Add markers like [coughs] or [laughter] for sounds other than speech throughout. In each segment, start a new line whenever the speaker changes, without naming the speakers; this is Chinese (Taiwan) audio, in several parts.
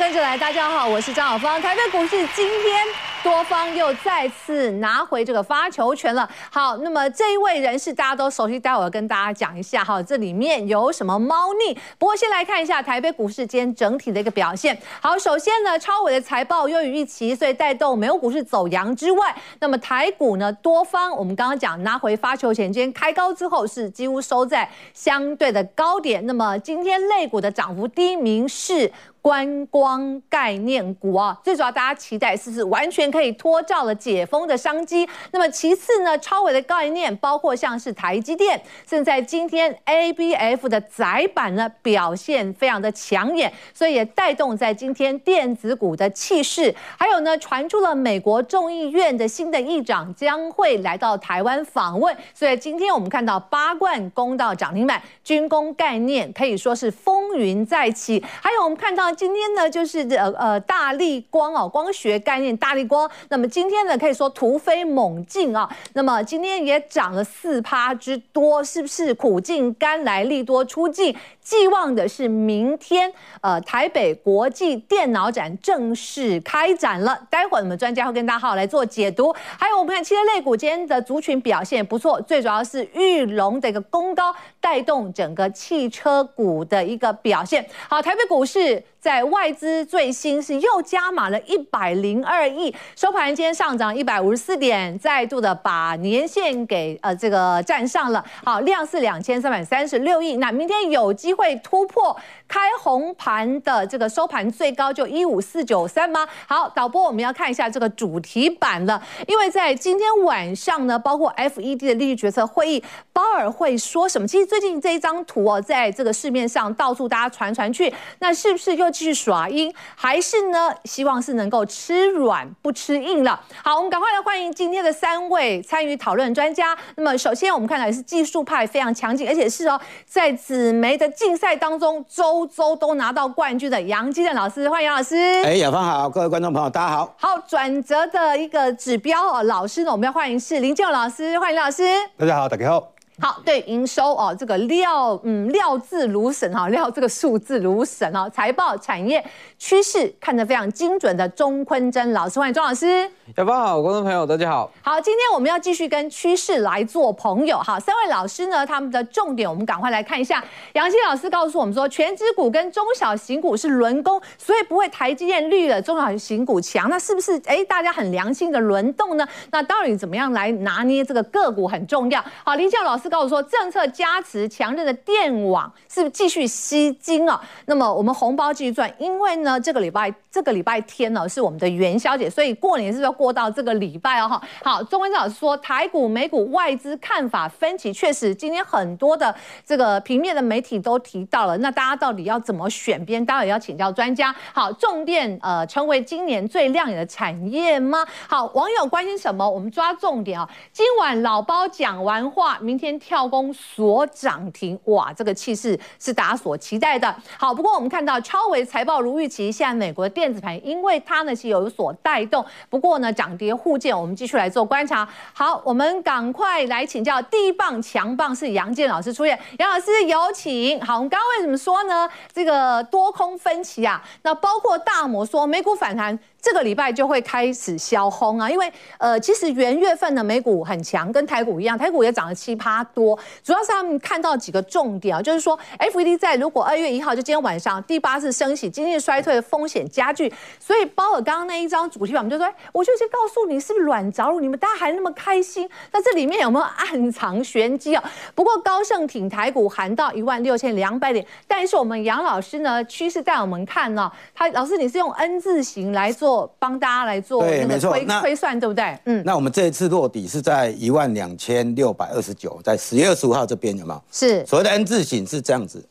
跟着來，大家好，我是張雅芳。台北股市今天多方又再次拿回這個發球權了。好，那麼這一位人士大家都熟悉，待會兒跟大家講一下哈，這裡面有什麼貓膩。不過先來看一下台北股市今天整體的一個表現。好，首先呢，超微的財報優於預期，所以帶動美股股市走揚之外，那麼台股呢，多方我們剛剛講拿回發球權，今天開高之後是幾乎收在相對的高點。那麼今天類股的漲幅第一名是。觀光概念股啊，最主要大家期待是不是完全可以脫罩，了解封的商機。那麼其次呢，超偉的概念包括像是台積電，現在今天 A B F 的載板呢，表現非常的搶眼，所以也帶動在今天電子股的氣勢。還有呢，傳出了美國眾議院的新的議長將會來到台灣訪問，所以今天我們看到八冠攻到漲停板，軍工概念可以說是風雲再起。還有我們看到。今天呢，就是呃、呃、，大立光哦，光學概念大立光，那麼今天呢，可以說突飛猛進啊，那麼今天也漲了四趴之多，是不是苦盡甘來力，利多出盡？寄望的是明天，呃，台北國際電腦展正式開展了。待會兒我們專家會跟大家好來做解讀。還有我們看汽車類股今天的族群表現不錯，最主要是裕隆的一個攻高帶動整個汽車股的一個表現。好，台北股市在外資最新是又加碼了一百零二億，收盤今天上漲一百五十四點，再度的把年線給呃這個站上了。好，量是兩千三百三十六億。那明天有機會。會突破開紅盤的這個收盤最高就一五四九三嗎？好，導播我們要看一下這個主題版了，因為在今天晚上呢，包括 FED 的利率決策會議，鮑爾會說什麼？其實最近這一張圖哦，在這個市面上到處大家傳傳去，那是不是又繼續耍陰，還是呢，希望是能夠吃軟不吃硬了？好，我們趕快來歡迎今天的三位參與討論專家。那麼首先我們看來是技術派非常強勁，而且是哦，在紫眉的。競賽當中周周都拿到冠軍的楊基政老師，歡迎楊老師。哎、欸，雅
芳好，各位觀眾朋友，大家好。
好，轉折的一個指標、哦，老師呢，我們要歡迎是林建宏老師，歡迎老師。
大家好，大家好。
好，對營收哦，這個料嗯料字如神哈，料這個數字如神哦，財報、產業趨勢看得非常精準的鐘崑禎老師，歡迎鍾老師。
雅芳好，觀眾朋友大家好。
好，今天我們要繼續跟趨勢來做朋友哈，三位老師呢他們的重點我們趕快來看一下。楊信老師告訴我們說，權值股跟中小型股是輪攻，所以不會台積電綠了，中小型股強，那是不是哎大家很良性的輪動呢？那到底怎麼樣來拿捏這個個股很重要。好，林教老師。告訴說，政策加持，強韌的電網是不是繼續吸金啊、哦，那麼我們紅包繼續賺。因為呢，這個禮拜這個禮拜天呢、哦、是我們的元宵節，所以過年是不是要過到這個禮拜哦？好，鐘崑禎老師說，台股、美股、外資看法分歧，確實今天很多的這個平面的媒體都提到了。那大家到底要怎麼選邊？大家當然要請教專家。好，重電呃成為今年最亮眼的產業嗎？好，網友關心什麼？我們抓重點啊、哦。今晚老包講完話，明天跳空鎖漲停，哇，這個氣勢是大家所期待的。好，不過我們看到超微財報如預期，現在美國的電子盤，因為它呢是有所帶動，不過呢漲跌互見，我們繼續來做觀察。好，我們趕快來請教地棒強棒是楊建老師出現。楊老師有請。好，我們剛剛為什麼說呢？這個多空分歧啊，那包括大摩說美股反彈。這個禮拜就會開始消轟啊，因為呃，其實元月份的美股很強，跟台股一樣，台股也漲了七八多。主要是他們看到幾個重點啊，就是說，FED 在如果二月一號就今天晚上第八次升息，經濟衰退風險加劇。所以包括剛剛那一張主題板，我們就說，我就先告訴你，是不是軟着陸？你們大家還那麼開心？那這裡面有沒有暗藏玄機啊？不過高盛挺台股，喊到一萬六千兩百點，但是我們楊老師呢，趨勢帶我們看呢，啊，他老師你是用 N 字形來做。幫大家來做那個推，對沒錯，那推算，對不對？
嗯，那我們這一次落底是在一萬兩千六百二十九，在十月二十五號這邊有沒有？是所謂的 N 字形是這樣子，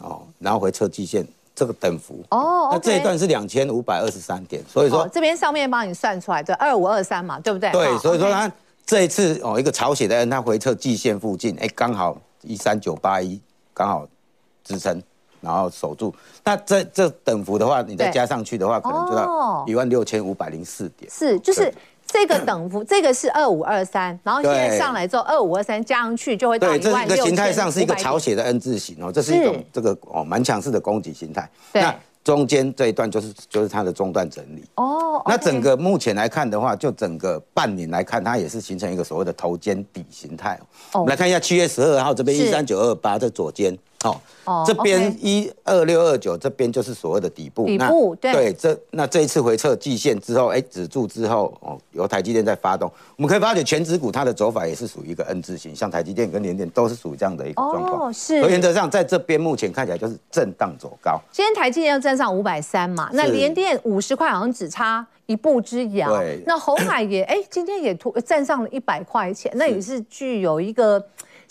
哦，然後回測季線這個等幅，哦，okay，那這一段是兩千五百二十三點，所以說，哦，這
邊上面幫你算出來，對，
二五二三嘛，對不對？對，okay，所以說他這一次哦，一個抄寫的 N，它回測季線附近，哎，欸，剛好一三九八一，剛好支撐。然後守住，那這這等幅的話，你再加上去的話，對可能就到一萬六千五百零四點。是，就
是這個等幅，對這個是二五二三，然後現在上來之後，二五二三加上去就會到一萬六千五百零四點。對，這一個形態上是一個草
寫的 N 字形，哦，這是一種這個是哦蠻強勢的攻擊形態。對。那中間這一段就是就是它的中段整理。哦、
oh, okay。那
整個目前來看的話，就整個半年來看，它也是形成一個所謂的頭肩底形態。哦。Oh, 我們來看一下七月十二號這邊一三九二八這左肩。哦，這邊一二六二九，這邊就是所謂的底部。底部，那對。對，這那，這一次回撤季線之後，哎、欸，止住之後，哦，由台積電在發動，我們可以發覺權值股，它的走法也是屬於一個 N 字形，像台積電跟聯電都是屬於這樣的一個狀況，哦。是。而原則上，在這邊目前看起來就是震盪走高。
今天台積電要站上五百三嘛，是那聯電五十塊好像只差一步之遙。對。那鴻海也，哎、欸，今天也突站上了一百塊錢，是那也是具有一個。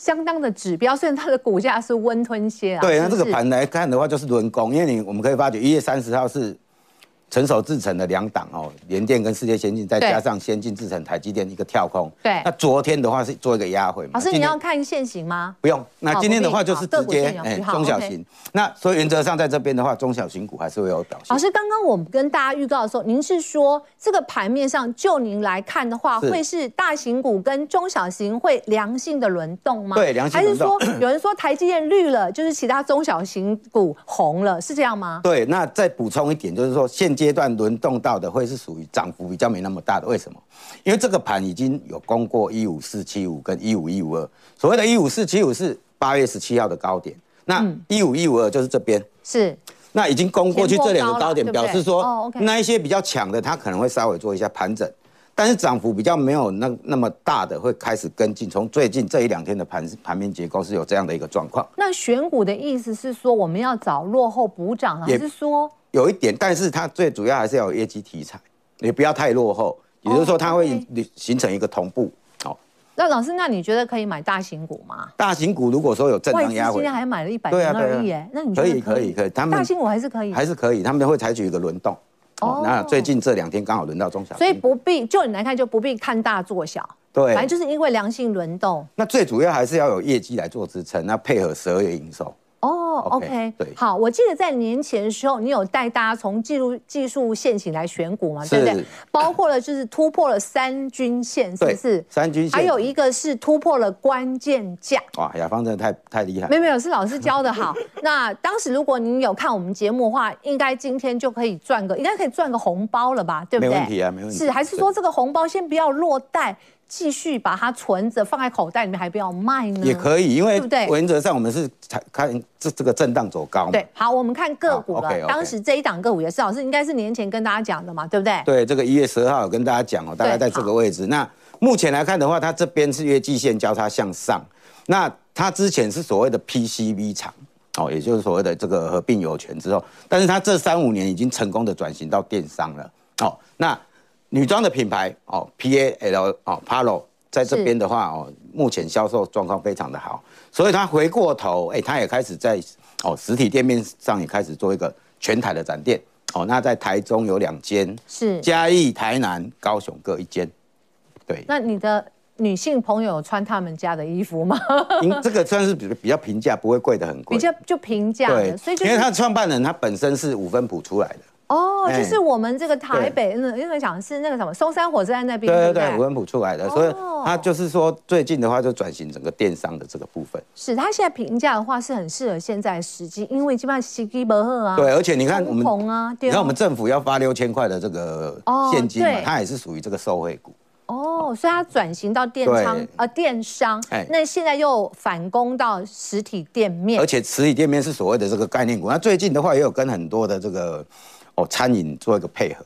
相當的指標，雖然它的股價是溫吞些啊。對，那這個盤
來看的話，就是輪攻，因為你我們可以發覺一月三十號是。成熟製程的兩檔哦，聯電跟世界先進，再加上先進製程台積電一個跳空。對。那昨天的話是做一個壓回。老師，你要
看現行嗎？
不用。那今天的話就是直接哎中小型。那所以原則上在這邊的話，中小型股還是會有表現。
老師，剛剛我們跟大家預告的時候，您是說這個盤面上就您來看的話，會是大型股跟中小型會良性的輪動嗎？對，良性輪動。還是說有人說台積電綠了，就是其他中小型股紅了，是這樣嗎？
對，那再補充一點，就是說現。階段輪動到的會是屬於漲幅比較沒那麼大的，為什麼？因為這個盤已經有攻過一五四七五跟一五一五二，所謂的一五四七五是八月十七號的高點，那一五一五二就是這邊，是，那已經攻過去這兩個高點，表示說那一些比較強的，它可能會稍微做一下盤整。但是漲幅比較沒有那那麼大的，會開始跟進。從最近這一兩天的盤盤面結構是有這樣的一個狀況。
那選股的意思是說，我們要找落後補漲，也還是說
有一點？但是它最主要還是要有業績題材，也不要太落後。也就是說，它會形成一個同步。好、oh, okay.
哦，那老師，那你覺得可以買大型股嗎？
大型股如果說有正常壓力，今天
還買了一百零二億那你可以,可以？可以，
可以，他們大型股
還是可以，還是
可以，他們會採取一個輪動。那、哦、最近這兩天剛好輪到中小，所以
不必就你來看，就不必看大做小，對，反正就是因為良性輪動。
那最主要還是要有業績來做支撐，那配合十二月營收。
哦、oh,，OK，, okay 好，對我記得在年前的時候，你有帶大家從技術技術線型來選股嘛，對不對？是包括了就是突破了三均線，對是不是？
三均線，還有一
個是突破了關鍵價。
哇，雅芳真的太太厲害，沒有沒有，
是老師教的好。 [laughs] 那當時如果您有看我們節目的話，應該今天就可以賺個，應該可以賺個紅包了吧？對不對？沒問題啊，沒問題。是還是說這個紅包先不要落袋？繼續把它存着，放在口袋裡面，還不要賣呢？也可以，因為對不對？原則上我們是
才看這這個震盪走高。對，
好，我們看個股了。哦、okay, okay 當時這一檔個股也是，好是，老是應該是年前跟大家講的嘛，對不對？
對，這個一月十二號有跟大家講哦，大概在這個位置。那目前來看的話，它這邊是月季線交叉向上。那它之前是所謂的 PCV 廠哦，也就是所謂的這個合併有權之後，但是它這三五年已經成功的轉型到電商了。哦。那。女裝的品牌哦、喔喔、PAL 哦，PALO，在這邊的話哦是、喔，目前銷售狀況非常的好，所以他回過頭，哎、欸，他也開始在哦、喔、實體店面上也開始做一個全台的展店哦、喔。那在台中有兩間，是嘉義、台南、高雄各一間，
對。那你的女性朋友穿他們家的衣服嗎？ [laughs] 這個
算是比比較平價，不會貴得很貴，比
較就平價。對，所以、就是、因為他
創辦人他本身是五分埔出來的。
哦，就是我們這個台北，因為講是那個什麼松山火車站那邊，對對對，吳文
普出來的，所以他就是說最近的話就轉型整個電商的這個部分。
是他現在評價的話是很適合現在時機，因為基本上需求啊，對，而且你看我們啊，你看我們
政府要發六千塊的這個現金，它也是屬於這個受惠股。
哦，所以它轉型到電商啊，電商，那現在又反攻到實體店面，而且
實體店面是所謂的這個概念股，那最近的話也有跟很多的這個。哦，餐飲做一個配合，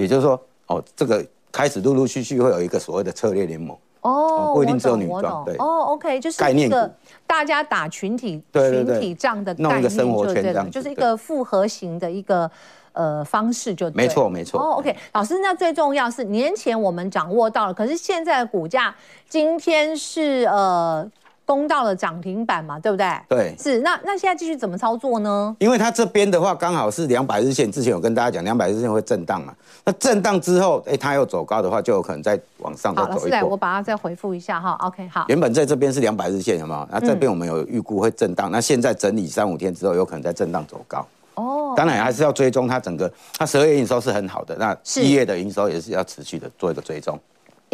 也就是說，哦，這個開始陸陸續續會有一個所謂的策略聯盟，
哦，哦，不一定只有女裝，我懂，對，哦，OK，就是一個大家打群體對對對群體仗的概念，那個生活圈，就這種，就是一個複合型的一個呃方式就，就沒錯沒錯。哦，OK，老師，那最重要是年前我們掌握到了，可是現在的股價今天是呃。攻到了漲停板嘛，對不對？
對，
是那那現在繼續怎麼操作呢？
因為它這邊的話，剛好是兩百日線，之前有跟大家講，兩百日線會震盪嘛。那震盪之後，哎，它又走高的話，就有可能再往上的走了，再來我
把它再回復一下哈。OK，好。
原本在這邊是兩百日線，有沒有？那這邊我們有預估會震盪。嗯、那現在整理三五天之後，有可能再震盪走高。哦。當然還是要追蹤它整個。它十二月營收是很好的，那一月的營收也是要持續的做一個追蹤。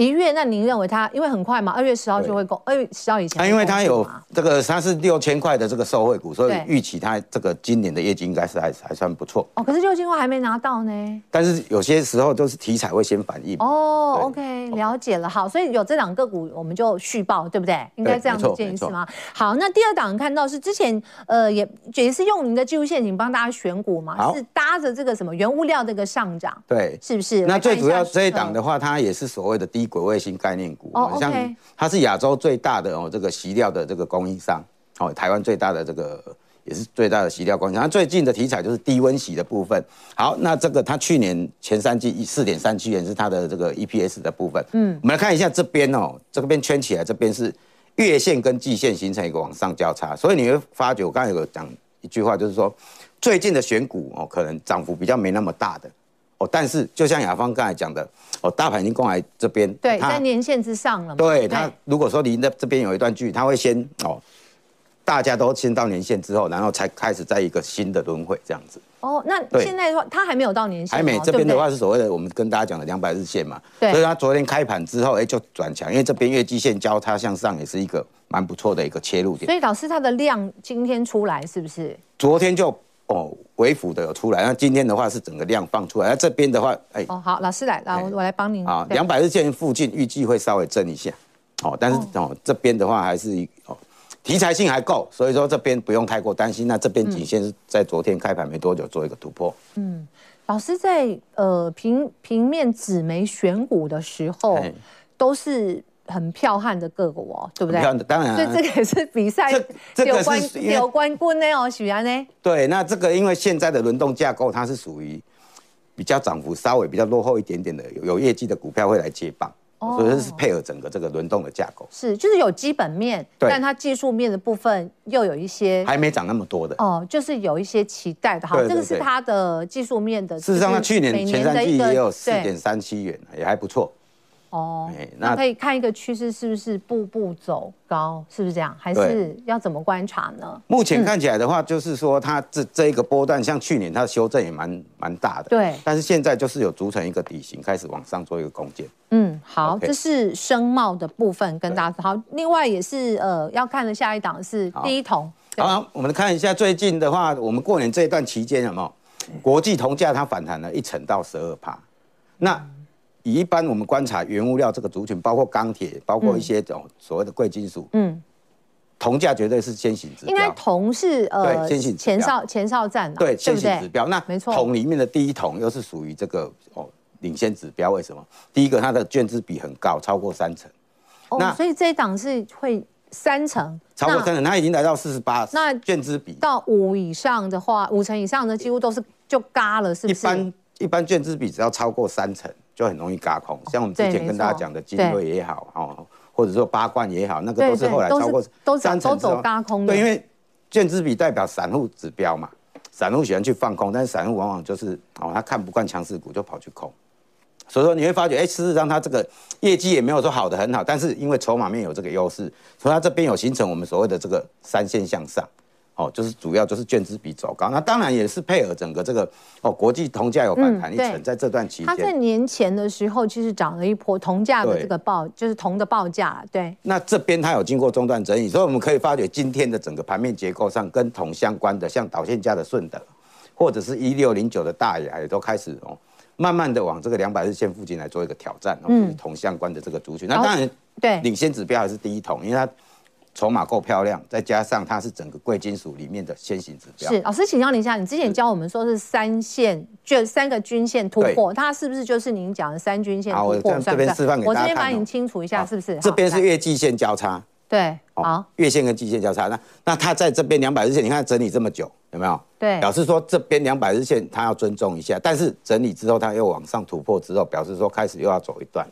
一月，那您認為它因為很快嘛？二月十號就會過，二月十號以前。因為它有
這個，它是六千塊的這個受惠股，所以預期它這個今年的業績應該是還還算不錯
哦。可是六千塊還沒拿到呢。
但是有些時候都是題材會先反應哦。
OK，了解了。好，所以有這檔個股我們就續抱，對不對？應該這樣子建議是嗎？好，那第二檔看到是之前呃也也是用您的技術陷阱幫大家選股嘛？是搭着這個什麼原物料這個上漲，
對，是不是？那最主要這一檔的話，它也是所謂的低。國衛星概念股、oh, okay，像它是亞洲最大的哦、喔，這個錫料的這個供應商，哦，臺灣最大的這個也是最大的錫料供應商、啊。它最近的題材就是低溫錫的部分。好，那這個它去年前三季四點三七元是它的這個 EPS 的部分。嗯，我們來看一下這邊哦，這邊圈起來，這邊是月線跟季線形成一個往上交叉，所以你會發覺我剛才有講一句話，就是說最近的選股哦、喔，可能漲幅比較沒那麼大的。哦、但是就像雅芳剛才講的，哦，大盤已經過來這邊，對，它在年線
之上了。對，對它，
如果說離那這邊有一段距離，它會先哦，大家都先到年線之後，然後才開始在一個新的輪回這樣子。哦，那
現在的話，對它還沒有到年線。還沒這邊的話是
所謂的我們跟大家講的兩百日線嘛，對，所以它昨天開盤之後，哎、欸，就轉強，因為這邊月季線交叉向上也是一個蠻不錯的一個切入點。所以
老師，它的量今天出來是不是？
昨天就。哦，尾盤的有出來，那今天的話是整個量放出來，那這邊的話，哎、欸，哦
好，老師來，來我、欸、我來幫您啊，兩百
日線附近預計會稍微震一下，哦，但是哦，哦這邊的話還是哦題材性還夠，所以說這邊不用太過擔心，那這邊僅先是在昨天開盤沒多久做一個突破。嗯，
老師在呃平平面紙媒選股的時候，欸、都是。很彪悍的個股哦，對不對？當然，所以這個也是比賽有關有冠軍呢哦，許安呢？
對，那這個因為現在的輪動架構，它是屬於比較漲幅稍微比較落後一點點的，有有業績的股票會來接棒，所以這是配合整個這個輪動的架構。
是，就是有基本面，但它技術面的部分又有一些還
沒漲那麼多的
哦，就是有一些期待的哈。這個是它的技術面的。事實上，它去年前三季也有四點
三七元，也還不錯。
哦，那可以看一個趨勢是不是步步走高，是不是這樣？還是要怎麼觀察呢？
目前看起來的話，就是說它這這一個波段，像去年它的修正也蠻蠻大的。對。但是現在就是有組成一個底型，開始往上做一個攻堅。嗯，
好，Okay 這是昇貿的部分跟大家對好。另外也是呃要看的下一檔是第一銅
好，對好，啊，我們看一下最近的話，我們過年這一段期間有沒有對國際銅價它反彈了一成到十二趴，嗯、那。以一般我們觀察原物料這個族群，包括鋼鐵，包括一些種所謂的貴金屬，嗯，銅價絕對是先行指標。應該
銅是呃先行指標，前哨前哨站對，先行指
標。那沒錯，銅裡面的第一銅又是屬於這個哦領先指標。為什麼？第一個它的券資比很高，超過三成。
那所以這一檔是會三成超過三
成，它已經來到四十八。那券資比
到五以上的話，五成以上呢，幾乎都是就嘎了，是不是？一般
一般券資比只要超過三成。就很容易軋空，像我們之前跟大家講的金瑞也好對哦，或者說八冠也好，對對對，那個都是後來超過三成走軋空的。對，因為券資比代表散戶指標嘛，散戶喜歡去放空，但是散戶往往就是哦，他看不慣強勢股就跑去空，所以說你會發覺，哎、欸，事實上他這個業績也沒有說好的很好，但是因為籌碼面有這個優勢，所以他這邊有形成我們所謂的這個三線向上。哦，就是主要就是券資比走高，那當然也是配合整個這個哦國際銅價有反彈一成，嗯、在這段期間，它在
年前的時候其實漲了一波銅價的這個報，對就是銅的報價，對。
那這邊它有經過中段整理，所以我們可以發覺今天的整個盤面結構上，跟銅相關的，像導線架的順德，或者是一六零九的大亞，也都開始哦慢慢的往這個兩百日線附近來做一個挑戰，嗯，銅、哦就是、相關的這個族群，那當然對，領先指標還是第一銅，嗯、因為它。籌碼夠漂亮，再加上它是整個貴金屬裡面的先行指標。是老
師，請教你一下，你之前教我們說是三線，就三個均線突破，它是不是就是您講的三均線突破？好，我這邊示範給大家看。我這邊把你清楚一下，是不是？這
邊是月季線交叉。對，
好，
月線跟季線交叉。那那它在這邊兩百日線，你看整理這麼久，有沒有？對，表示說這邊兩百日線它要尊重一下，但是整理之後它又往上突破之後，表示說開始又要走一段。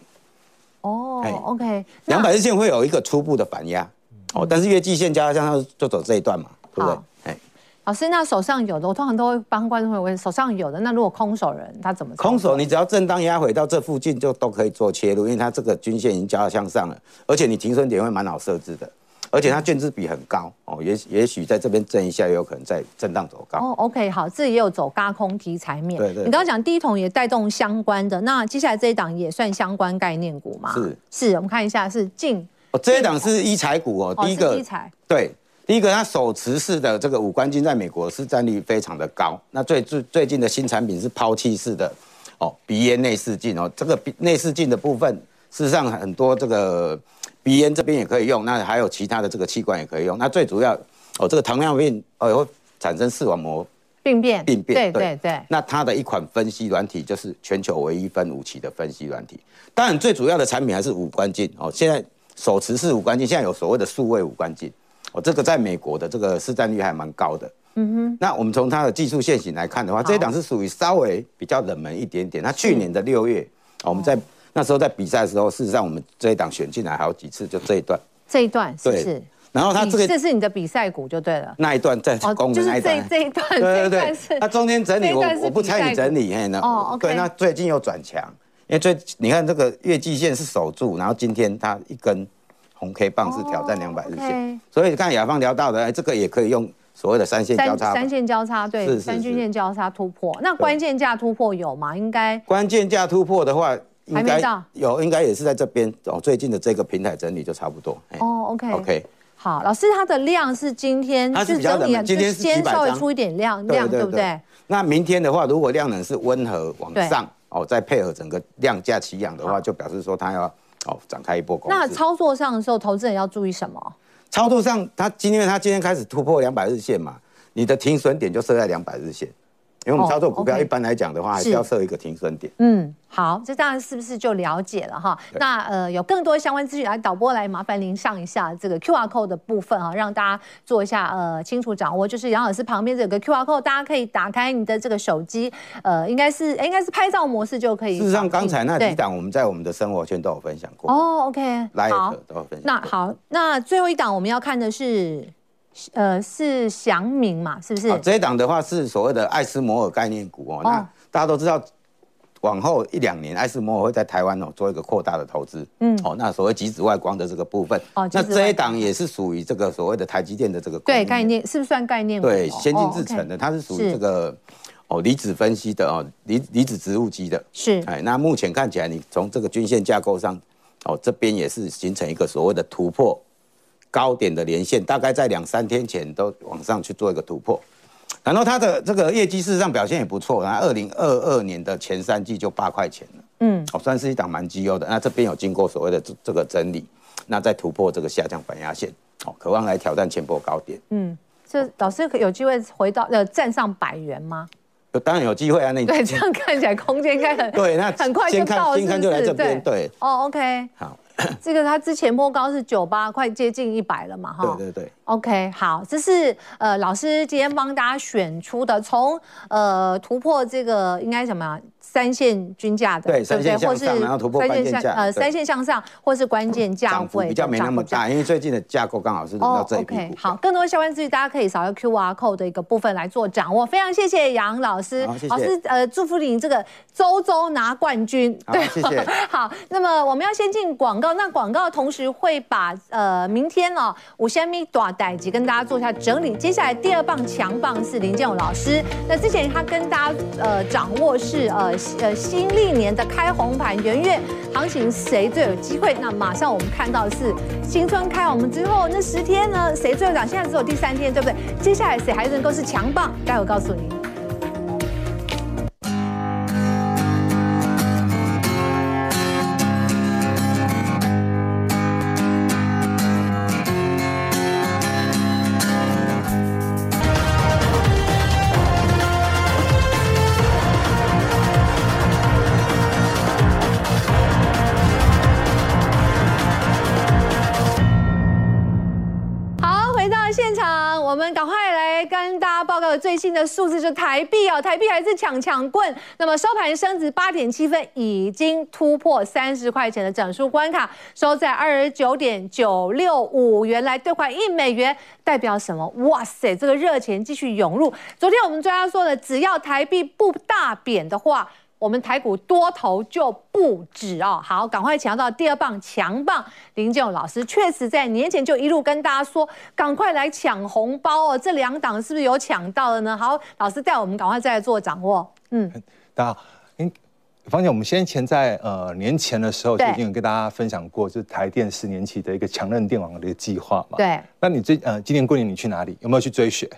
哦
，OK。
兩百日線會有一個初步的反壓。哦，但是月季線加到向上就走這一段嘛，對不好對？哎，
老師，那手上有的我通常都會幫觀眾朋友問，手上有的那如果空手人他怎麼？
空手你只要震盪，壓回到這附近就都可以做切入，因為它這個均線已經加到向上了，而且你停損點會蠻好設置的，而且它券資比很高哦，也也許在這邊震一下，也有可能在震盪走
高。哦，OK，好，這也有走軋空題材面。對對，對。你剛剛講第一桶也帶動相關的，那接下來這一檔也算相關概念股嗎？是是，我們看一下是近哦，這一檔是醫
材股哦，哦第一個醫材對，第一個它手持式的這個五官鏡在美國市占率非常的高。那最最最近的新產品是拋棄式的哦，鼻炎內視鏡哦，這個鼻內視鏡的部分事實上很多這個鼻炎這邊也可以用，那還有其他的這個器官也可以用。那最主要哦，這個糖尿病哦會、哎、產生視網膜
病變病變，對對、對、對。
那它的一款分析軟體就是全球唯一分五期的分析軟體，當然最主要的產品還是五官鏡哦，現在。手持式五官鏡，現在有所謂的數位五官鏡，哦，這個在美國的這個市占率還蠻高的。嗯哼。那我們從它的技術線型來看的話，這一檔是屬於稍微比較冷門一點點。它去年的六月，我們在那時候在比賽的時候，事實上我們這一檔選進來好幾次，就這一段。
這一段，是然後它這個，這是你的比賽股就對了。
那一段在攻入。就是這這一段，對對對，它中間整理，我不參與整理，哎，那哦，對，那最近又轉強。因為最你看這個月季線是守住，然後今天它一根紅 K 棒，是挑戰兩百日線，所以你看雅芳聊到的，這個也可以用所謂的三線交叉。三
線交叉，對，三均線交叉突破。那關鍵價突破有嗎？應該
關鍵價突破的話，應該有，應該也是在這邊哦。最近的這個平台整理就差不多
哦。OK OK，好，老師，它的量是今天它是整理，今天稍微出一點量量，對不對？
那明天的話，如果量能是溫和往上。哦，再配合整個量價齊揚的話，就表示說它要哦展開一波攻勢。那操
作上的時候，投資人要注意什麼？
操作上，他今天它今天開始突破兩百日線嘛，你的停損點就設在兩百日線。因為我們操作股票，一般來講的話、oh, okay，還是要設一個停損點。
嗯，好，這大家是不是就了解了哈？對那呃，有更多相關資訊，來、啊、導播來麻煩您上一下這個 QR Code 的部分啊，讓大家做一下呃清楚掌握。就是楊老師旁邊這個 QR Code，大家可以打開你的這個手機，呃，應該是、欸、應該是拍照模式就可以了。事實上，剛才那幾檔
對我們在我們的生活圈都有分享過。
哦、oh,，OK，來，Light 好都有分享。那好，那最後一檔我們要看的是。呃，是祥明嘛，是不是？哦、這
一檔的話是所謂的艾斯摩爾概念股哦。哦，那大家都知道，往後一兩年，艾斯摩爾會在台灣哦做一個擴大的投資。嗯。哦，那所謂極紫外光的這個部分。哦。那這一檔也是屬於這個所謂的台積電的這個。對，概
念是不是算概念股？對，哦、先進製程的，
哦、它是屬於這個哦離子分析的哦，離離是子植入機的。是。哎，那目前看起來，你從這個均線架構上，哦，這邊也是形成一個所謂的突破。高點的連線大概在兩三天前都往上去做一個突破，然後他的這個業績事實上表現也不錯，那二零二二年的前三季就八塊錢了，嗯，好、哦、算是一檔蠻績優的。那這邊有經過所謂的這個整理，那再突破這個下降反壓線，渴、哦、望來挑戰前波高點。嗯，這
老師有機會回到呃站上百元嗎？
有，當然有機會啊，那對，這樣
看起來空間應該對，那很快就到了，對哦對、oh, OK 好。 [coughs] 這個它之前摸高是九八，快接近一百了嘛，哈。對對對。OK，好，這是呃老師今天幫大家選出的，從呃突破這個應該什麼？三線均價的，對，三線向上，對對或是三線突呃，三線向上，或是關鍵價位，嗯、比較沒那麼
大，嗯、因為最近的架構剛好是到這一股。Oh,
okay. 好，更多相關資訊，大家可以掃個 QR code 的一個部分來做掌握。非常謝謝楊老師，哦、謝謝老師，呃，祝福您這個周周拿冠軍。對、哦、 [laughs] 好，那麼我們要先進廣告，那廣告同時會把呃明天哦五千米短袋級跟大家做一下整理。接下來第二棒強棒是林建宏老師，那之前他跟大家呃掌握是呃。呃，新曆年的開紅盤元月行情，誰最有機會？那馬上我們看到的是新春開我們之後那十天呢，誰最有漲？現在只有第三天，對不對？接下來誰還能夠是強棒？待會告訴你。數字就是台幣哦、喔，台幣還是強強滾。那麼收盤升值八點七分，已經突破三十塊錢的整數關卡，收在二十九點九六五元來兌換一美元，代表什麼？哇塞，這個熱錢繼續湧入。昨天我們專家說的，只要台幣不大貶的話，我們台股多頭就不止哦，好，趕快搶到第二棒強棒。林建宏老師確實在年前就一路跟大家說，趕快來搶紅包哦！這兩檔是不是有搶到的呢？好，老師帶我們趕快再來做掌握。嗯，
大家好，嗯，芳姐，我們先前在呃年前的時候就已經跟大家分享過，就是台電十年期的一個強韌電網的一個計劃嘛。對。那你最呃今年過年你去哪裡？有沒有去追雪？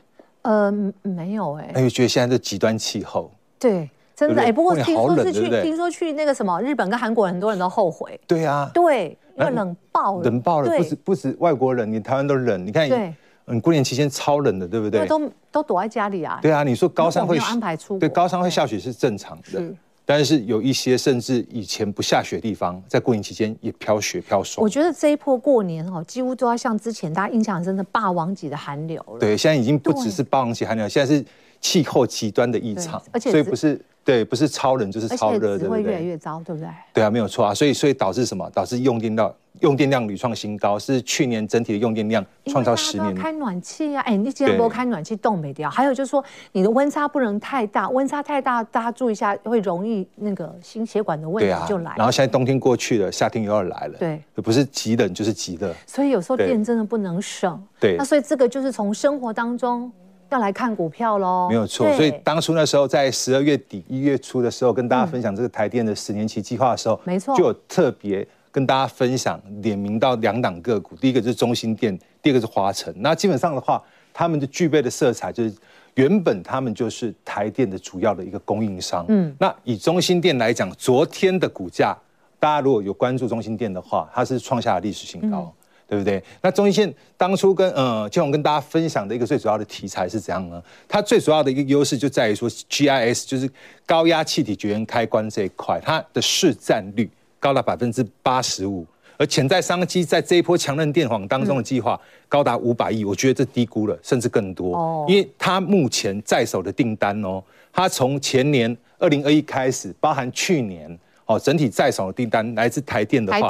呃，沒有
哎。我你覺得現在這極端氣候？
對。真的哎、欸，不過聽說是去對，對，聽說去那個什麼日本跟韓國，很多人都後悔。對啊，對，因為冷爆了，冷爆了，對不止
不止，外國人，你台灣都冷。你看，對，嗯，過年期間超冷的，對不對？對，都
都躲在家裡啊。對啊，你說高山會有安排出，對，高
山會下雪是正常的，是，但是有一些甚至以前不下雪的地方，在過年期間也飄雪飄水。我覺
得這一波過年哦，幾乎都要像之前大家印象很深的霸王級的寒流了。對，
現在已經不只是霸王級寒流，現在是。氣候極端的異常，而且所以不是對，不是超冷就是超熱，對人只會越來
越糟，對不
對？對啊，沒有錯啊。所以，所以導致什麼？導致用電量用電量屢創新高，是去年整體的用電量創造十年。開
暖氣啊，哎、欸，你今天沒開暖氣凍沒掉？對還有就是說，你的溫差不能太大，溫差太大，大家注意一下，會容易那個心血管的問題就來、啊。然
後現在冬天過去了，夏天又要來了。對，不是極冷就是極熱。
所以有時候電真的不能省。對。對那所以這個就是從生活當中。要來看股票嘍，沒有錯。所以
當初那時候在十二月底一月初的時候，跟大家分享這個台電的十年期計劃的時候，沒錯，就有特別跟大家分享，點名到兩檔個股，第一個就是中興電，第二個是華城。那基本上的話，他們就具備的色彩就是，原本他們就是台電的主要的一個供應商。嗯，那以中興電來講，昨天的股價，大家如果有關注中興電的話，它是創下了歷史新高。嗯對不對？那中一線當初跟，呃，就我跟大家分享的一個最主要的題材是怎樣呢？它最主要的一個優勢就在於說，GIS 就是高壓氣體絕緣開關這一塊，它的市占率高達百分之八十五，而潛在商機在這一波強韌電網當中的計劃高達五百億，嗯、我覺得這低估了，甚至更多。哦，因為它目前在手的訂單哦，它從前年二零二一開始，包含去年。哦，整體在手的訂單來自台電的，
話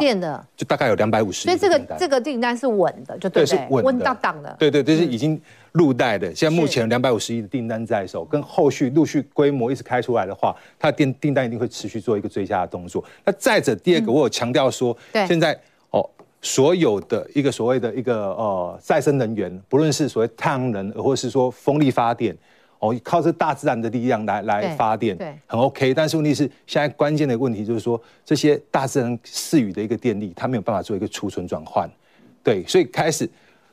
就大概有兩百五十億。億所
以這個
這個訂單是穩的，就對對,對是穩當檔的。對對，這、就是已經入袋的。嗯、現在目前兩百五十億的訂單在手，是跟後續陸續規模一直開出來的話，它的訂訂單一定會持續做一個追加的動作。那再者，第二個我有強調說，嗯、現在對哦，所有的一個所謂的一個呃再生能源，不論是所謂太陽能，或是說風力發電。哦，靠着大自然的力量來來發電，對，很 OK。但是問題是，現在關鍵的問題就是說，這些大自然賜予的一個電力，它沒有辦法做一個儲存轉換，對，所以開始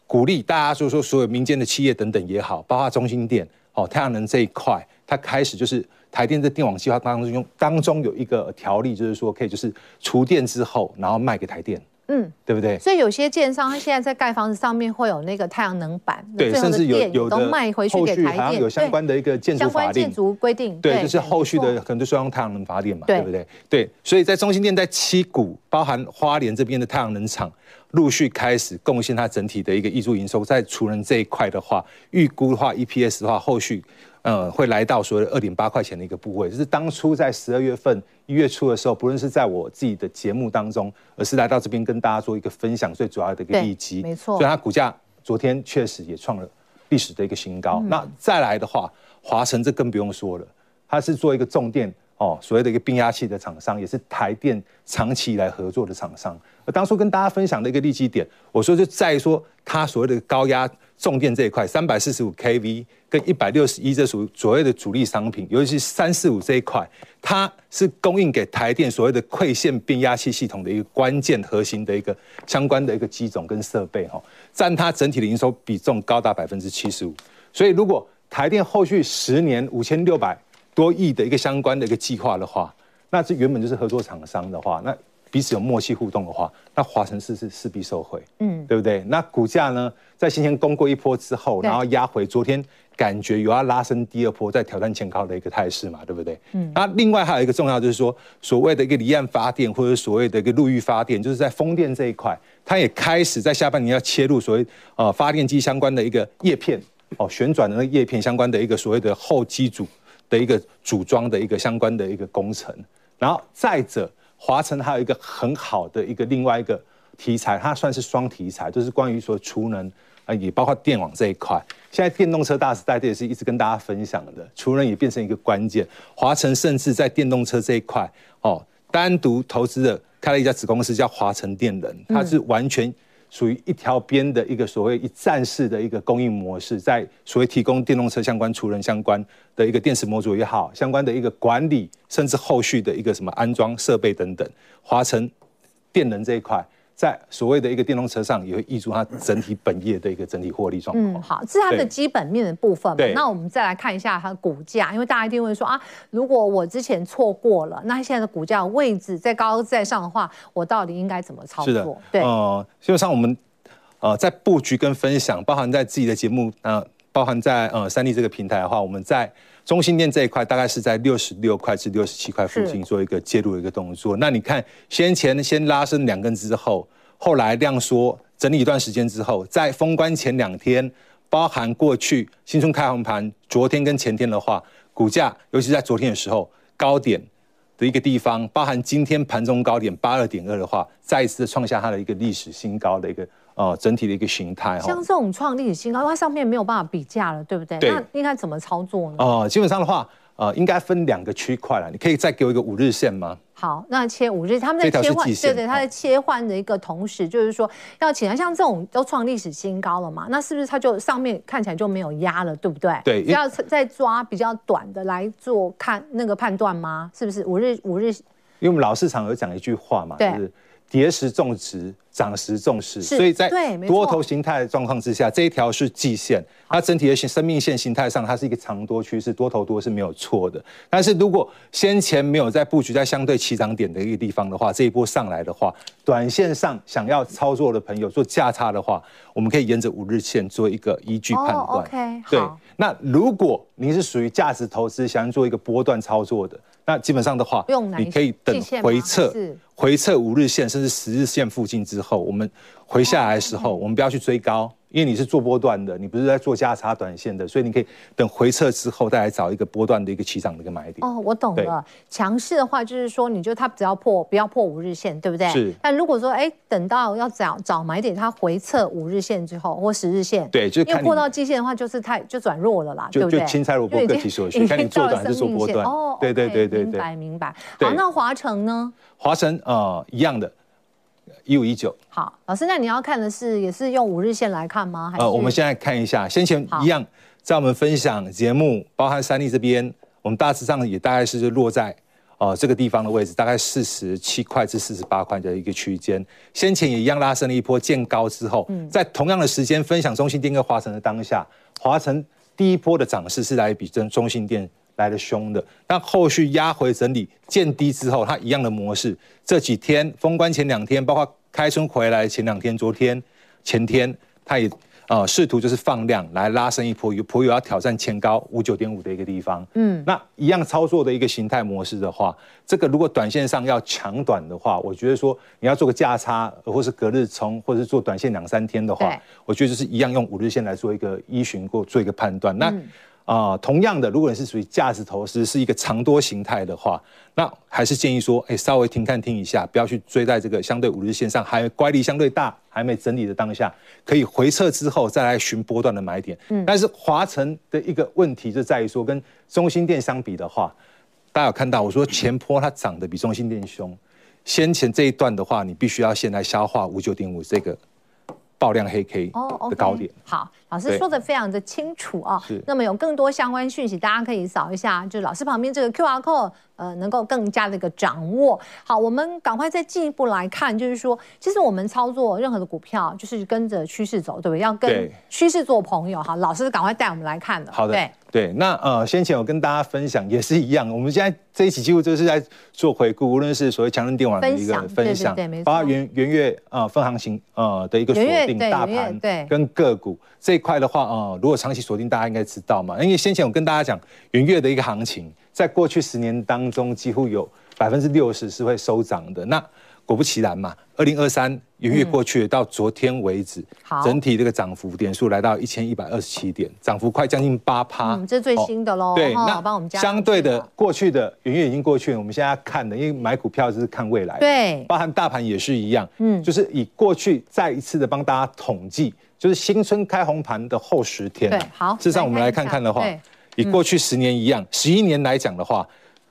鼓勵大家說說所有民間的企業等等也好，包括中心電哦，太陽能這一塊，它開始就是台電在電網計劃當中當中有一個條例，就是說可以就是儲電之後，然後賣給台電。嗯，對不對？ [noise] 所以
有些建商他現在在蓋房子上面會有那個太陽能板，對，對，甚至有有都賣回去給台電。後續好像有
相關的一個建築法相關建築
規定，對，對對，就是後續的
可能就是用太陽能發電嘛，錯對，對不對？對，所以在中心電、在七股、包含花蓮這邊的太陽能廠陸續開始貢獻它整體的一個挹注營收。在儲能這一塊的話，預估的話 EPS 的話，後續。呃、嗯，會來到所謂的二點八塊錢的一個部位，就是當初在十二月份一月初的時候，不論是在我自己的節目當中，而是來到這邊跟大家做一個分享，最主要的一個利基。沒錯，所以它股價昨天確實也創了歷史的一個新高。嗯、那再來的話，華城這更不用說了，他是做一個重電哦，所謂的一個變壓器的廠商，也是台電長期以來合作的廠商。而當初跟大家分享的一個利基點，我說就在於說他所謂的高壓。重電這一塊，三百四十五 kV 跟一百六十一，這屬於所謂的主力商品，尤其是三四五這一塊，它是供應給台電所謂的饋線變壓器系統的一個關鍵核心的一個相關的一個機種跟設備，哈，佔它整體的營收比重高達百分之七十五。所以如果台電後續十年五千六百多億的一個相關的一個計劃的話，那這原本就是合作廠商的話，那。彼此有默契互動的話，那華城市是勢必受惠，嗯，對不對？那股價呢，在先前攻過一波之後，然後壓回昨天，感覺有要拉升第二波，在挑戰前高的一個態勢嘛，對不對？嗯。那另外還有一個重要就是說，所謂的一個離岸發電或者所謂的一個陸域發電，就是在風電這一塊，它也開始在下半年要切入所謂呃發電機相關的一個葉片哦旋轉的那葉片相關的一個所謂的後機組的一個組裝的一個相關的一個工程，然後再者。華城還有一個很好的一個另外一個題材，它算是雙題材，就是關於說儲能啊，也包括電網這一塊。現在電動車大時代、代，這也是一直跟大家分享的，儲能也變成一個關鍵。華城甚至在電動車這一塊，哦，單獨投資的開了一家子公司叫華城電能，它是完全、嗯。屬於一條邊的一個所謂一站式的一個供應模式，在所謂提供電動車相關儲能相關的一個電池模組也好，相關的一個管理，甚至後續的一個什麼安裝設備等等，華城電能這一塊。在所謂的一個電動車上，也會溢出它整體本業的一個整體獲利狀況、嗯。好，這是它的基
本面的部分嘛？對那我們再來看一下它的股價，因為大家一定會說啊，如果我之前錯過了，那現在的股價位置在高高在上的話，我到底應該怎麼操作？是的，對。
哦、呃，就像我們、呃，在佈局跟分享，包含在自己的節目，呃，包含在呃三立這個平台的話，我們在。中心店這一塊大概是在六十六塊至六十七塊附近做一個介入的一個動作。是嗯、那你看，先前先拉升兩根之後，後來量縮整理一段時間之後，在封關前兩天，包含過去新春開紅盤，昨天跟前天的話，股價尤其是在昨天的時候高點的一個地方，包含今天盤中高點八二點二的話，再一次創下它的一個歷史新高的一個。哦，整體的一個形態哦。像這
種創歷史新高，它、哦、上面沒有辦法比價了，對不對？對，那應該怎麼操作呢？
哦，基本上的話，呃，應該分兩個區塊了。你可以再給我一個五日線嗎？
好，那切五日線，他們在切換，是對，對對，他在切換的一個同時，哦、同時就是說要請來，像這種都創歷史新高了嘛，那是不是它就上面看起來就沒有壓了，對不對？對，要再抓比較短的來做看那個判斷嗎？是不是五日五日？五日因
為我們老市場有講一句話嘛，對是。跌時重質，漲時重勢，是所以在多頭形態狀況之下，這一條是季線，好它整體的形生命線形態上，它是一個長多趨勢，多頭多是沒有錯的。但是如果先前沒有在布局在相對起漲點的一個地方的話，這一波上來的話，短線上想要操作的朋友做價差的話，我們可以沿着五日線做一個依據判斷。o、oh, k okay, 對。好那如果您是屬於價值投資，想要做一個波段操作的，那基本上的話，你可以等回撤、回撤五日線甚至十日線附近之後，我們回下來的時候，我們不要去追高。因為你是做波段的，你不是在做加差短線的，所以你可以等回撤之後再來找一個波段的一個起漲的一個買點。哦，
我懂了。對強勢的話就是說，你就它只要破不要破五日線，對不對？是。但如果說哎，等到要找找買點，它回撤五日線之後或十日線，
對，就因為破到
季線的話，就是太，就轉弱了啦，就對不對？就就青菜蘿蔔各有所需，看你做短還是做波段。哦，對對對對，明白明白。明白對好，那華城呢？
華城呃一樣的。一五一九，
好，老師，那你要看的是也是用五日線來看嗎？還是呃，我們現
在看一下，先前一樣，好在我們分享節目，包含三力這邊，我們大致上也大概是落在、呃、這個地方的位置，大概四十七塊至四十八塊的一個區間。先前也一樣拉升了一波見高之後，嗯、在同樣的時間分享中興電跟華城的當下，華城第一波的漲勢是來比中中興電來的凶的，但後續壓回整理見低之後，它一樣的模式。這幾天封關前兩天，包括開春回來前兩天，昨天、前天，它也啊、呃、試圖就是放量來拉升一波，有朋友要挑戰前高五九點五的一個地方。嗯，那一樣操作的一個形態模式的話，這個如果短線上要搶短的話，我覺得說你要做個價差，或是隔日沖，或者做短線兩三天的話，對我覺得就是一樣用五日線來做一個依循或做一個判斷。嗯、那。啊、呃，同樣的，如果你是屬於價值投資，是一個長多形態的話，那還是建議說，欸、稍微停看聽一下，不要去追在這個相對五日線上還乖離相對大，還沒整理的當下，可以回撤之後再來尋波段的買點。嗯，但是華城的一個問題就在於說，跟中興電相比的話，大家有看到我說前波它漲得比中興電凶，先前這一段的話，你必須要先來消化五九點五這個。爆量黑 K 哦的高點。Oh,
okay. 好，老師說的非常的清楚啊對、哦。那麼有更多相關訊息，是大家可以掃一下，就是老師旁邊這個 QR code，呃，能夠更加的一個掌握。好，我們趕快再進一步來看，就是說，其實我們操作任何的股票，就是跟着趨勢走，對不對？要跟趨勢做朋友哈對。好，老師趕快帶我們來看的。好的。對
對，那呃，先前我跟大家分享也是一樣，我們現在這一期幾乎就是在做回顧，無論是所謂強韌電網的一個分享，包括元元月啊、呃、分行情呃的一個鎖定月大盤盤 跟個股這一塊的話呃，如果長期鎖定，大家應該知道嘛，因為先前我跟大家講元月的一個行情，在過去十年當中，幾乎有百分之六十是會收漲的那。果不其然嘛，二零二三元月過去到昨天為止，嗯、好，整體這個漲幅點數來到一千一百二十七點，漲幅快將近八趴。嗯，這是最新的
嘍、哦。對，哦、那對幫我們加上。相
對的，過去的元月已經過去了，我們現在要看的，因為買股票就是看未來。對，包含大盤也是一樣。嗯，就是以過去再一次的幫大家統計，就是新春開紅盤的後十天。對，好。事實上，我們來看看的話，嗯、以過去十年一樣，十一年來講的話，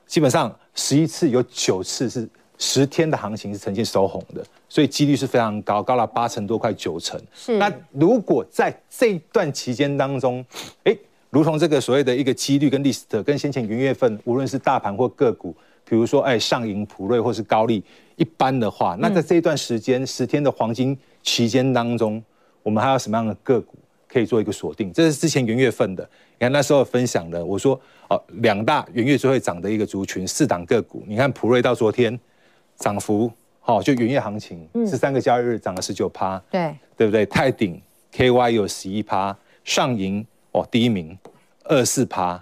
基本上十一次有九次是。十天的行情是呈現收紅的，所以幾率是非常高，高了八成多，快九成。是那如果在這一段期間當中、欸，如同這個所謂的一個幾率跟歷史跟先前元月份無論是大盤或個股，比如說哎、欸、上銀普瑞或是高利一般的話，那在這一段時間十、嗯、天的黃金期間當中，我們還有什麼樣的個股可以做一個鎖定？這是之前元月份的，你看那時候分享的，我說哦，兩大元月最會漲的一個族群，四檔個股，你看普瑞到昨天。漲幅好、哦，就元月行情，十、嗯、三個交易日漲了十九趴，對，對不對？泰鼎 KY 有十一趴，上銀哦第一名，二四趴，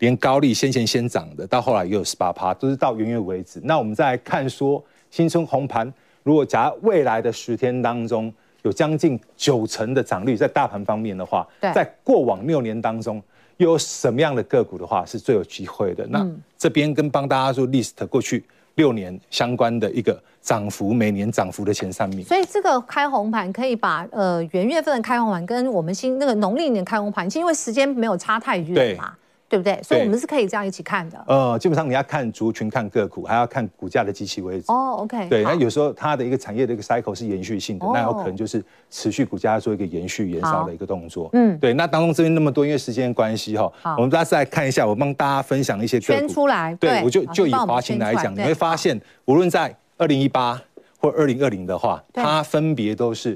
連高利先前先漲的，到後來又有十八趴，都是到元月為止。那我們再來看說，新春紅盤，如果假未來的十天當中有將近九成的漲率在大盤方面的話，對在過往六年當中，又有什麼樣的個股的話是最有機會的？那、嗯、這邊跟幫大家做 list 過去。六年相關的一個漲幅，每年漲幅的前三名。所
以這個開紅盤可以把呃元月份的開紅盤跟我們新那個農曆年的開紅盤，因為時間沒有差太遠嘛。對不對？所以，我們是可以這樣
一起看的。呃，基本上你要看族群，看個股，還要看股價的基期位置。哦，OK。對，那有時候它的一個產業的一個 cycle 是延續性的，那有可能就是持續股價要做一個延續延伸的一個動作。嗯，對。那當中這邊那麼多，因為時間關係哈，我們大家再看一下，我幫大家分享一些個股。出來，對我就就以華擎來講，你會發現，無論在二零一八或二零二零的話，它分別都是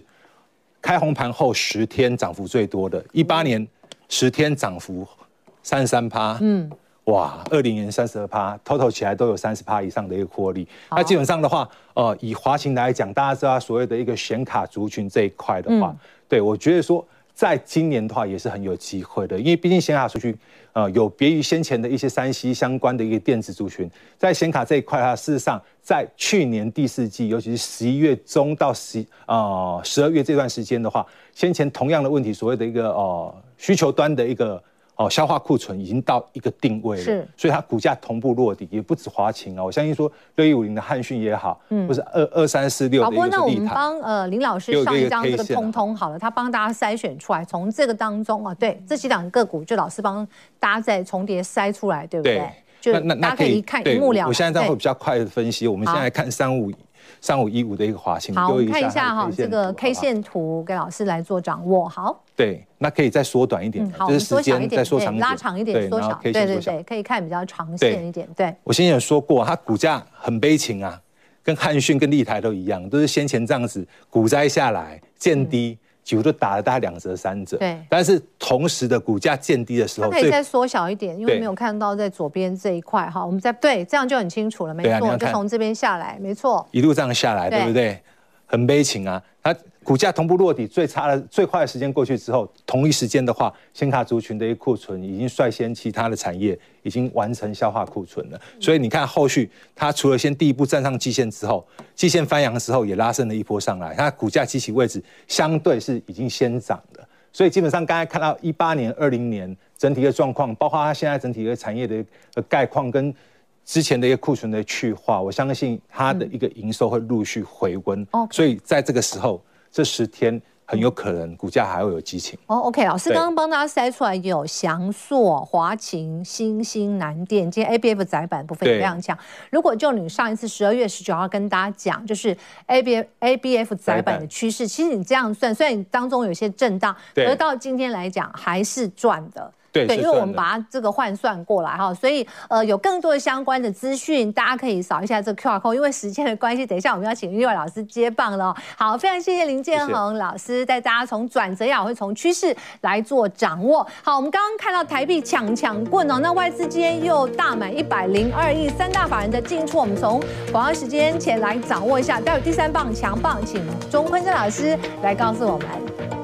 開紅盤後十天漲幅最多的。一八年十天漲幅。三十三趴，嗯，哇，二零年三十二趴，total 起來都有三十趴以上的一個獲利。好那基本上的話，呃，以華擎來講，大家知道所謂的一個顯卡族群這一塊的話，嗯、對我覺得說，在今年的話也是很有機會的，因為畢竟顯卡族群，呃，有別於先前的一些三 C 相關的一個電子族群，在顯卡這一塊哈，事實上在去年第四季，尤其是十一月中到十呃十二月這段時間的話，先前同樣的問題，所謂的一個呃需求端的一個。哦，消化庫存已經到一個定位了，是，所以它股價同步落地，也不止華擎啊。我相信說六一五零的漢訊也好，嗯，或是二二三四六，好，不過那我們幫
呃林老師上一張這個通通好了，他幫、啊、大家篩選出來，從這個當中啊、哦，對這幾檔個股，就老師幫大家再重疊篩出來，對不對？對那那那就那那那可以看一目了然。我現在這樣會
比較快的分析，對我們現在來看三五。三五一五的一個滑行，好，我們看一下哈，這個
K 線圖給老師來做掌握。好，
對，那可以再縮短一點，嗯、就是時間再縮長一點，對拉長一點，縮對小，小，對對對，
可以看比較長線一點。對，對
對，我先前有說過，它股價很悲情啊，跟漢遜、跟立台都一樣，都是先前這樣子股災下來，見低。嗯幾乎都打了大概兩折三折，對。但是同時的股價見低的時候，他可以再
縮小一點，對因為沒有看到在左邊這一塊哈。我們在對，這樣就很清楚了，沒錯，啊、就從這邊下來，沒錯錯，
一路這樣下來，對，對不對？很悲情啊，他股價同步落底，最差的最快的時間過去之後，同一時間的話，顯卡族群的一個庫存已經率先其他的產業已經完成消化庫存了。所以你看後續它除了先第一步站上季線之後，季線翻揚的時候也拉升了一波上來，它股價基期位置相對是已經先漲的。所以基本上剛才看到一八年、二零年整體的狀況，包括它現在整體的產業的概況跟之前的一個庫存的去化，我相信它的一個營收會陸續回溫。哦，所以在這個時候。這十天很有可能股價還會有激情。哦、oh，OK，老師剛剛幫
大家篩出來有祥碩、華擎、欣興、南電，今天 ABF 載板部分也非常強。對如果就你上一次十二月十九號跟大家講，就是 ABF ABF 載板的趨勢，版其實你這樣算，雖然你當中有些震盪，而到今天來講還是賺的。對，因為我們把它這個換算過來哈，所以呃有更多的相關的資訊，大家可以掃一下這 QR Code。因為時間的關係，等一下我們要請另外老師接棒了。好，非常謝謝林建宏老師帶謝大家從轉折也好會從趨勢來做掌握。好，我們剛剛看到台幣搶搶棍哦、喔，那外資今天又大買一百零二億，三大法人的進出，我們從廣告時間前來掌握一下。待會第三棒強棒，請鐘崑禎老師來告訴我們。.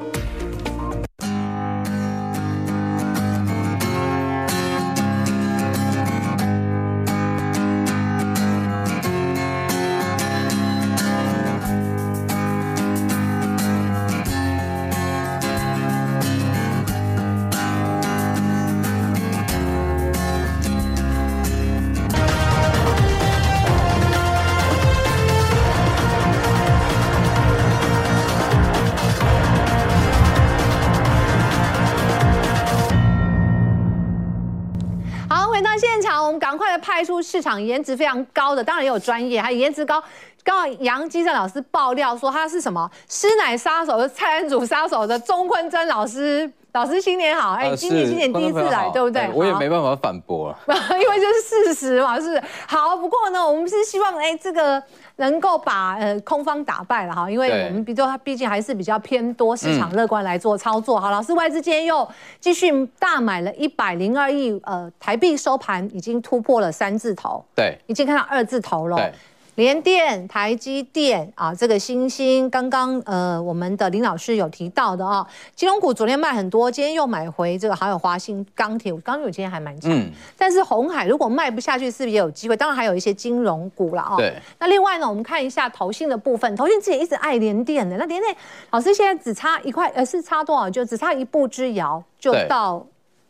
開出市場顏值非常高的，當然也有專業，還有顏值高。剛好楊基政老師爆料說，他是什麼師奶殺手、蔡依林組殺手的鐘崑禎老師。老師新年好，哎、呃，今年新年第一次來，對不對？對好我也沒辦法反駁啊，因為就是事實嘛，是。好，不過呢，我們是希望，哎、欸，這個能夠把呃空方打敗了哈，因為我們比較它畢竟還是比較偏多，市場樂觀來做操作。對好，老師，外資今天又繼續大買了一百零二億呃台幣，收盤已經突破了三字頭，對，已經看到二字頭了。對聯電、台積電啊，這個星星剛剛呃，我們的林老師有提到的啊、哦，金融股昨天賣很多，今天又買回這個，還有華興鋼鐵。鋼鐵我剛剛今天還蠻強，嗯、但是鴻海如果賣不下去，是不是也有機會？當然還有一些金融股了啊、哦。對。那另外呢，我們看一下投信的部分，投信之前一直愛聯電的，那聯電老師現在只差一塊，呃，是差多少？就只差一步之遙，就到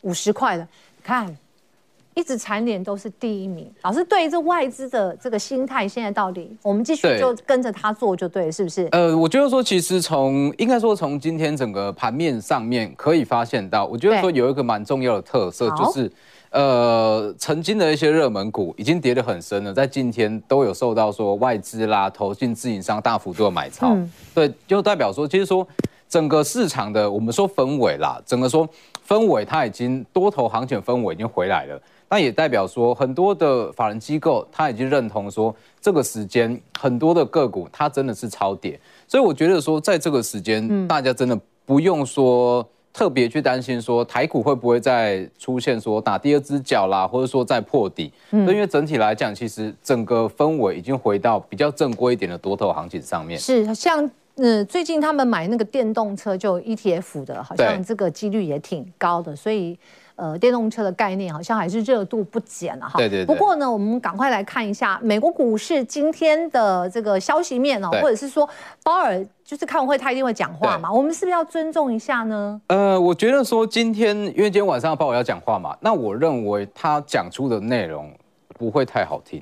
五十塊了。對看。一直蟬聯都是第一名。老師，對於這外資的這個心態，現在到底我們繼續就跟着他做就對，是不是？
呃，我覺得說，其實從應該說，從今天整個盤面上面可以發現到，我覺得說有一個蠻重要的特色，就是呃，曾經的一些熱門股已經跌得很深了，在今天都有受到說外資啦、投信自營商大幅度的買超，嗯、對，就代表說，其實說整個市場的我們說氛圍啦，整個說氛圍它已經多頭行情氛圍已經回來了。那也代表說，很多的法人機構他已經認同說，這個時間很多的個股它真的是超跌，所以我覺得說，在這個時間，大家真的不用說特別去擔心說台股會不會再出現說打第二隻腳啦，或者說再破底，因為整體來講，其實整個氛圍已經回到比較正規一點的多頭行情上面，嗯。是，
像嗯、呃，最近他們買那個電動車就 ETF 的，好像這個幾率也挺高的，對所以。呃，電動車的概念好像還是熱度不減啊。哈，對對，對。不過呢，我們趕快來看一下美國股市今天的這個消息面呢、喔，對 或者是說，鮑爾就是開完會他一定會講話嘛？對 我們是不是要尊重一下呢？
呃，我覺得說今天，因為今天晚上鮑爾要講話嘛，那我認為他講出的內容不會太好聽。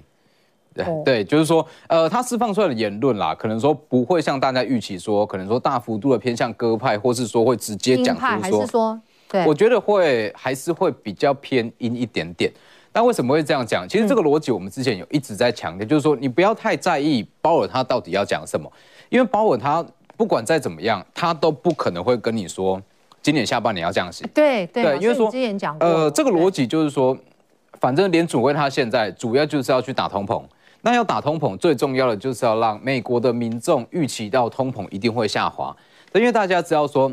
對，、oh、對就是說，呃，他釋放出來的言論啦，可能說不會像大家預期說，可能說大幅度的偏向鴿派，或是說會直接講出說。
對 我
覺得會還是會比較偏陰一點點，但為什麼會這樣講？其實這個邏輯我們之前有一直在強調，就是說你不要太在意鮑爾他到底要講什麼，因為鮑爾他不管再怎麼樣，他都不可能會跟你說今年下半年要這樣。對
對，因為說之前講呃，
這個邏輯就是說，反正聯準會他現在主要就是要去打通膨，那要打通膨最重要的就是要讓美國的民眾預期到通膨一定會下滑，因為大家知道說。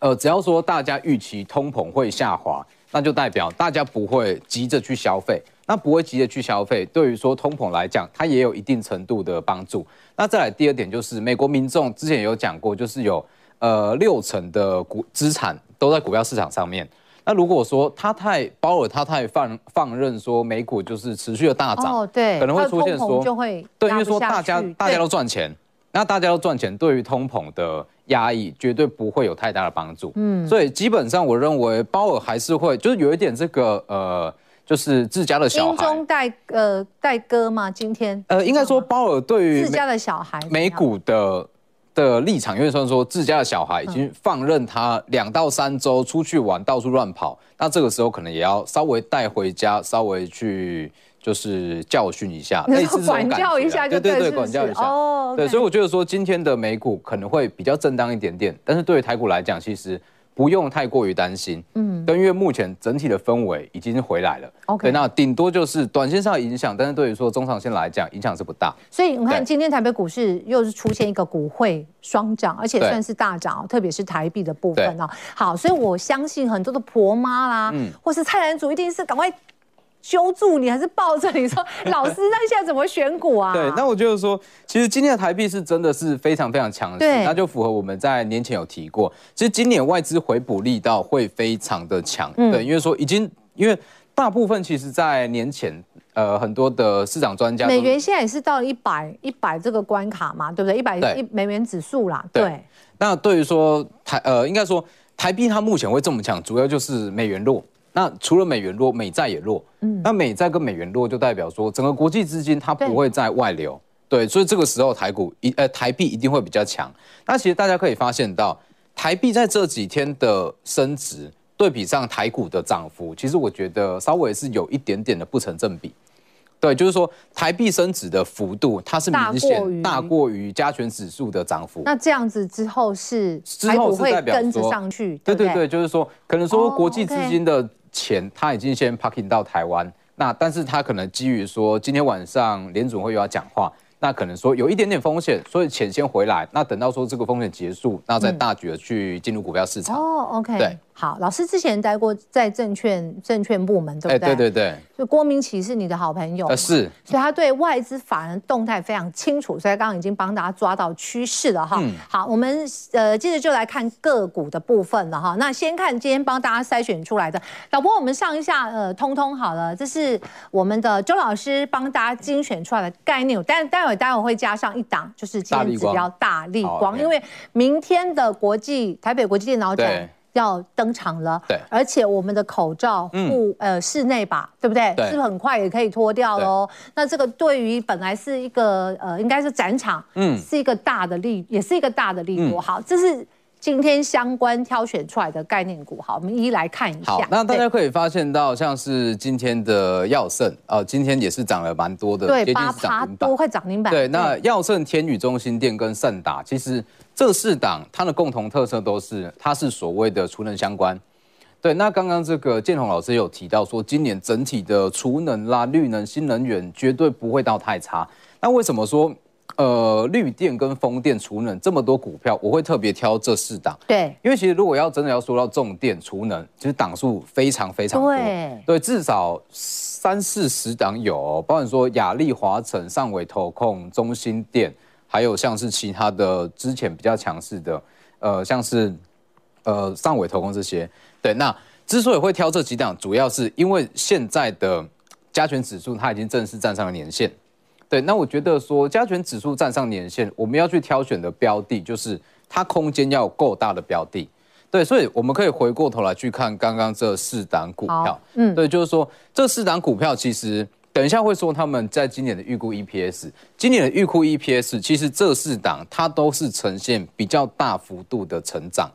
呃，只要說大家預期通膨會下滑，那就代表大家不會急着去消費，那不會急着去消費，對於說通膨來講，它也有一定程度的幫助。那再來第二點就是，美國民眾之前有講過，就是有呃六成的股資產都在股票市場上面。那如果說他太鮑爾，他太放放任說美股就是持續的大漲，哦，可能會出現說，
對，因為說大家大家都
賺錢。那大家都賺錢，對於通膨的壓抑絕對不會有太大的幫助。嗯，所以基本上我認為鮑爾還是會就是有一點這個呃，就是自家的小孩
帶呃帶哥嘛。今天呃，應
該說鮑爾對於自家的
小孩美
股的的立場，因為雖說自家的小孩已經放任他兩到三週出去玩，到處亂跑，那這個時候可能也要稍微帶回家，稍微去。就是教訓一下，你管教一下就對是是、啊，對對對，管教一下哦。Oh, okay. 對，所以我覺得說今天的美股可能會比較震盪一點點，但是對於台股來講，其實不用太過於擔心，嗯，但因為目前整體的氛圍已經回來了。OK，對那頂多就是短線上影響，但是對於說中長線來講，影響是不大。
所以你看，今天台北股市對又是出現一個股匯雙漲，而且算是大漲，對哦、特別是台幣的部分對好，所以我相信很多的婆媽啦，嗯、或是菜籃族，一定是趕快。揪住你還是抱着你說，老師，那現在怎麼選股啊？ [laughs] 對，
那我就是說，其實今天的台幣是真的是非常非常強勢，對那就符合我們在年前有提過，其實今年外資回補力道會非常的強，嗯、對，因為說已經，因為大部分其實在年前，呃，很多的市場專家，美元
現在也是到一百一百這個關卡嘛，對不對？一百一美元指數啦，對。對
那對於說台呃，應該說台幣它目前會這麼強，主要就是美元弱。那除了美元弱，美債也弱。嗯，那美債跟美元弱就代表說，整個國際資金它不會在外流。對，對，所以這個時候台股一呃台幣一定會比較強。那其實大家可以發現到，台幣在這幾天的升值對比上台股的漲幅，其實我覺得稍微是有一點點的不成正比。對，就是說台幣升值的幅度它是明顯大過於加權指數的漲幅。那
這樣子之後是之後會跟着上去？
對對對，就
是說可能說國際資金的、哦。Okay 錢他已經先 parking 到台灣，那但是他可能基於說今天晚上聯準會又要講話，那可能說有一點點風險，所以錢先回來，那等到說這個風險結束，那再大舉的去進入股票市
場。哦、嗯，oh，OK，對。好，老師之前待過在證券證券部門，對不對？欸、對對對，所以郭明錤是你的好朋友、呃、是。所以他對外資法人的動態非常清楚，所以他剛剛已經幫大家抓到趨勢了哈。嗯、好，我們呃接着就來看個股的部分了哈。那先看今天幫大家篩選出來的，老伯，我們上一下呃通通好了，這是我們的周老師幫大家精選出來的概念，但待，待會待會會加上一檔，就是今天比較大立光，立光哦、因為明天的國際台北國際電腦展。要登場了，而且我們的口罩護、嗯、呃室內吧，對不對？對，是很快也可以脫掉嘍。哦。對那這個對於本來是一個呃，應該是展場，嗯，是一個大的利，也是一個大的利多。嗯、好，這是。今天相關挑選出來的概念股，好，我們一一來看一下。好，那大家
可以發現到，像是今天的耀盛，對呃，今天也是漲了蠻多的，對，八八
多，快漲停板。對，對那
耀盛天宇中興電跟盛達，對其實這四檔它的共同特色都是，它是所謂的儲能相關。對，那剛剛這個建宏老師有提到說，今年整體的儲能啦、綠能、新能源絕對不會到太差。那為什麼說？呃，綠電跟風電儲能這麼多股票，我會特別挑這四檔。對，因為其實如果要真的要說到重電儲能，其實檔數非常非常多。對,對，至少三四十檔有，包括說亞力華城上緯投控、中興電，還有像是其他的之前比較強勢的，呃，像是呃上緯投控這些。對，那之所以會挑這幾檔，主要是因為現在的加權指數它已經正式站上了年線對，那我覺得說加權指數站上年線，我們要去挑選的標的，就是它空間要有夠大的標的。對，所以我們可以回過頭來去看剛剛這四檔股票，嗯，對，就是說這四檔股票其實，等一下會說他們在今年的預估 EPS，今年的預估 EPS，其實這四檔它都是呈現比較大幅度的成長，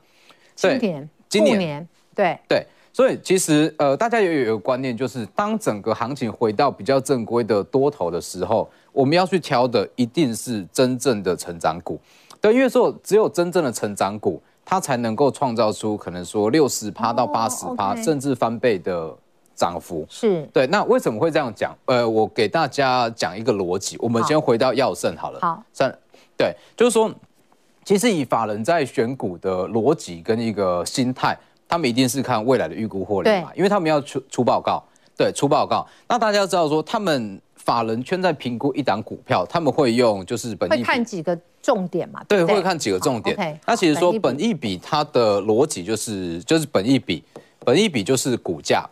今年，
今年，對，
對。所以其實，呃，大家也有一個觀念，就是當整個行情回到比較正規的多頭的時候，我們要去挑的一定是真正的成長股，對，因為說只有真正的成長股，它才能夠創造出可能說六十趴到八十趴，oh, okay. 甚至翻倍的漲幅，是。對，那為什麼會這樣講？呃，我給大家講一個邏輯，我們先回到要聖好了。好，三對，就是說，其實以法人在選股的邏輯跟一個心態。他們一定是看未來的預估獲利，對，因為他們要出出報告，對，出報告。那大家知道說，他們法人圈在評估一檔股票，他們會用就是本益比，會看
幾個重點嘛？對，
會看幾個重點。那其實說本益比，它的邏輯就是就是本益比，本益比就是股價，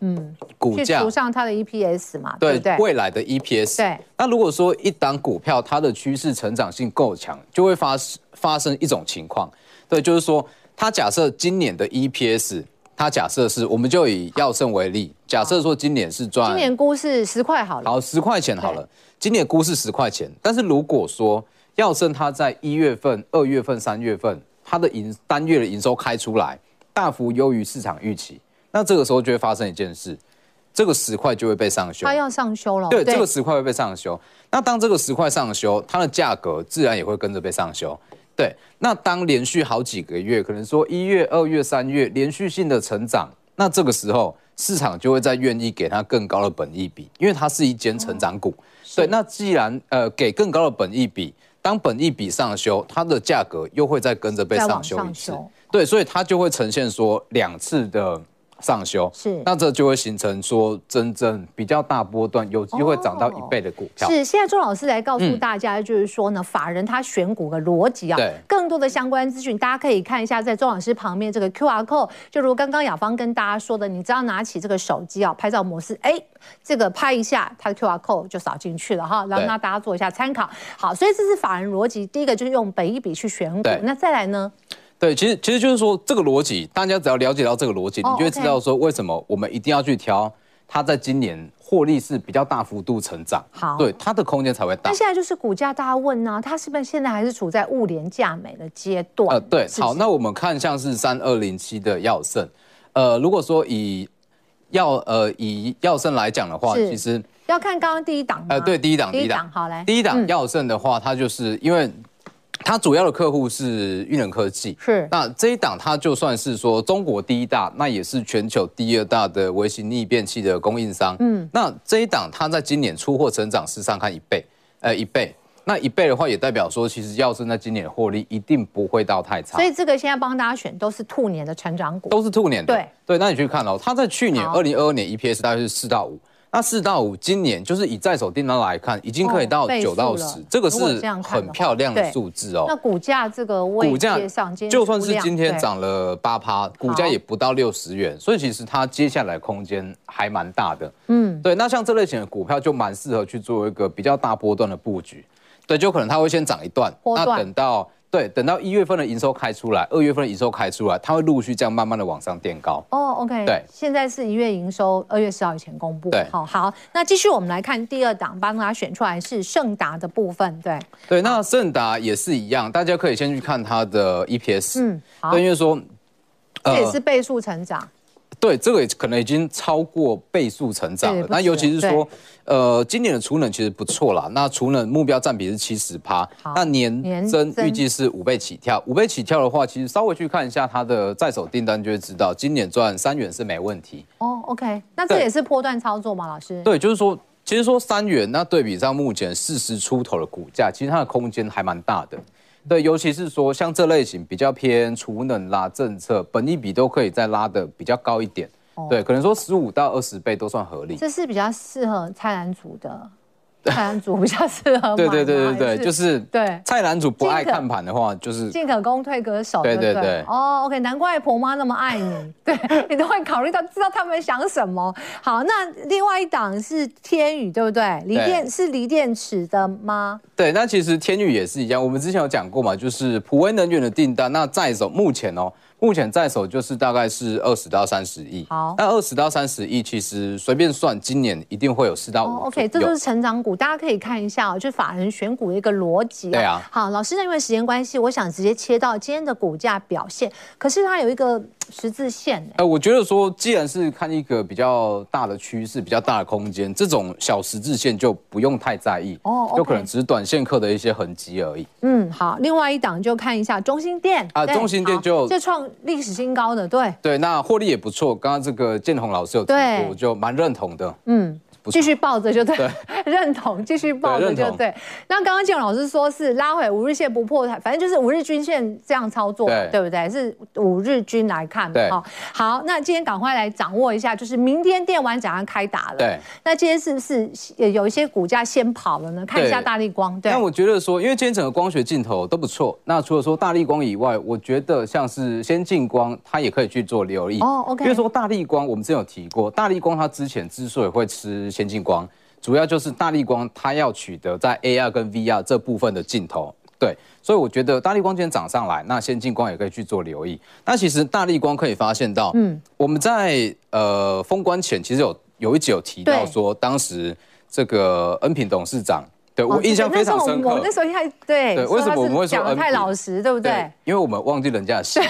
嗯，
股價除上它的 EPS 嘛，對不對？未
來的 EPS。對。那如果說一檔股票它的趨勢成長性夠強，就會發發生一種情況，對，就是說。他假設今年的 EPS，他假設是，我們就以耀勝為例，好假設說今年是賺，今年
估是十塊好了，
好十塊錢好了，對今年估是十塊錢。但是如果說耀勝他在一月份、二月份、三月份他的營單月的營收開出來，大幅優於市場預期，那這個時候就會發生一件事，這個十塊就會被上修，他要
上修了，對，對這個十
塊會被上修。那當這個十塊上修，它的價格自然也會跟着被上修。對，那當連續好幾個月，可能說一月、二月、三月連續性的成長，那這個時候市場就會再願意給它更高的本益比，因為它是一間成長股。哦、對，那既然呃給更高的本益比，當本益比上修，它的價格又會再跟着被上修一次。對，所以它就會呈現說兩次的。上修是，那這就會形成說真正比較大波段有機會漲到一倍的股票。哦、是，
現在鐘老師來告訴大家，就是說呢，嗯、法人他選股的邏輯啊，對，更多的相關資訊大家可以看一下，在鐘老師旁邊這個 QR code，就如剛剛雅芳跟大家說的，你只要拿起這個手機啊、哦，拍照模式，哎、欸，這個拍一下，他的 QR code 就掃進去了哈、哦，讓大家做一下參考。對好，所以這是法人邏輯，第一個就是用本益比去選股，對那再來呢？
對，其實其實就是說這個邏輯，大家只要了解到這個邏輯，你就會知道說為什麼我們一定要去挑它，在今年獲利是比較大幅度成長。好，對，它的空間才會大。那現
在就是股價大家問呢、啊，它是不是現在還是處在物廉價美的階段是是？
呃，對，好，那我們看像是三二零七的耀盛，呃，如果說以耀呃以耀盛來講的話，是其實
要看剛剛第一檔，呃，對，第一檔，第一檔，好來，第
一檔耀盛的話，嗯、它就是因為。它主要的客戶是運能科技，是。那這一檔，它就算是說中國第一大，那也是全球第二大的微型逆變器的供應商。嗯，那這一檔它在今年出貨成長是上看一倍，呃一倍，那一倍的話也代表說，其實要是在今年的獲利一定不會到太差。所以
這個現在幫大家選都是兔年的成長股，都
是兔年的。對對，那你去看哦，它在去年二零二二年 EPS 大概是四到五。那四到五，今年就是以在手訂單來看，已經可以到九到十，這個是很漂亮的數字哦。
那股價這個位置上，就算是今天漲
了八趴，股價也不到六十元，所以其實它接下來空間還蠻大的。嗯，對。那像這類型的股票就蠻適合去做一個比較大波段的布局，對，就可能它會先漲一段，那等到。對，等到一月份的營收開出來，二月份的營收開出來，它會陸續這樣慢慢的往上墊高。
哦、oh，OK。對，現在是一月營收，二月十號以前公布。對，好好。那繼續我們來看第二檔，幫大家選出來是盛達的部分。對，
對，好那盛達也是一樣，大家可以先去看它的 EPS，嗯。嗯，因為說這也是
倍數成長、
呃。對，這個可能已經超過倍數成長了。了那尤其是說。呃，今年的儲能其實不錯啦，那儲能目標占比是七十趴，好那年增預計是五倍起跳。五倍起跳的話，其實稍微去看一下它的在手訂單就會知道，今年賺三元是沒問題。哦、oh,，OK，
那這也是波段操作嗎？對老師？對，
就是說，其實說三元，那對比上目前四十出頭的股價，其實它的空間還蠻大的。對，尤其是說像這類型比較偏儲能啦政策，本益比都可以再拉得比較高一點。對，可能說十五到二十倍都算合理。這
是比較適合菜籃族的，菜籃族比較適合、啊。 [laughs] 對，對對對對對，是就是對。
菜籃族不愛看盤的話，就是進
可，進可攻退可守。對對，對對對。哦、oh,，OK，難怪婆媽那麼愛你， [laughs] 對你都會考慮到，知道他們想什麼。好，那另外一檔是天宇，對不對？鋰電對是鋰電池的嗎？
對，那其實天宇也是一樣。我們之前有講過嘛，就是普威能源的訂單。那再走目前哦。目前在手就是大概是二十到三十億。好，那二十到三十億，其實隨便算，今年一定會有四到五。Oh, OK，這就是成
長股，有。大家可以看一下哦，就法人選股的一個邏輯啊。對啊。好，老師呢，因為時間關係，我想直接切到今天的股價表現。可是它有一個。十字線、
呃，我覺得說，既然是看一個比較大的趨勢、比較大的空間，這種小十字線就不用太在意，哦，oh, okay. 就可能只是短線客的一些痕跡而已。
嗯，好，另外一檔就看一下中興電啊，呃、對中興電就這創歷史新高的對，
對，那獲利也不錯。剛剛這個建宏老師有提過我對就蠻認同的，嗯。
繼續抱着就對，認同。繼續抱着就對。那剛剛建宏老師說是拉回五日線不破，反正就是五日均線這樣操作，對，對不對？是五日均來看嘛對？好，那今天趕快來掌握一下，就是明天電玩展開打了。對。那今天是不是有一些股價先跑了呢？對看一下大立光。那
我覺得說，因為今天整個光學鏡頭都不錯。那除了說大立光以外，我覺得像是先進光，它也可以去做留意。哦、oh,，OK。因為說大立光，我們之前有提過，大立光它之前之所以會吃。先進光主要就是大力光，它要取得在 A R 跟 V R 這部分的鏡頭，對，所以我覺得大力光今天漲上來，那先進光也可以去做留意。那其實大力光可以發現到，嗯，我們在呃封關前其實有有一集有提到說，對當時這個恩平董事長，對我印象非常深刻。哦、那
時候我，我那時候太對，為什麼我們會講得太老實，對不對，
對？因為我們忘記人家的事，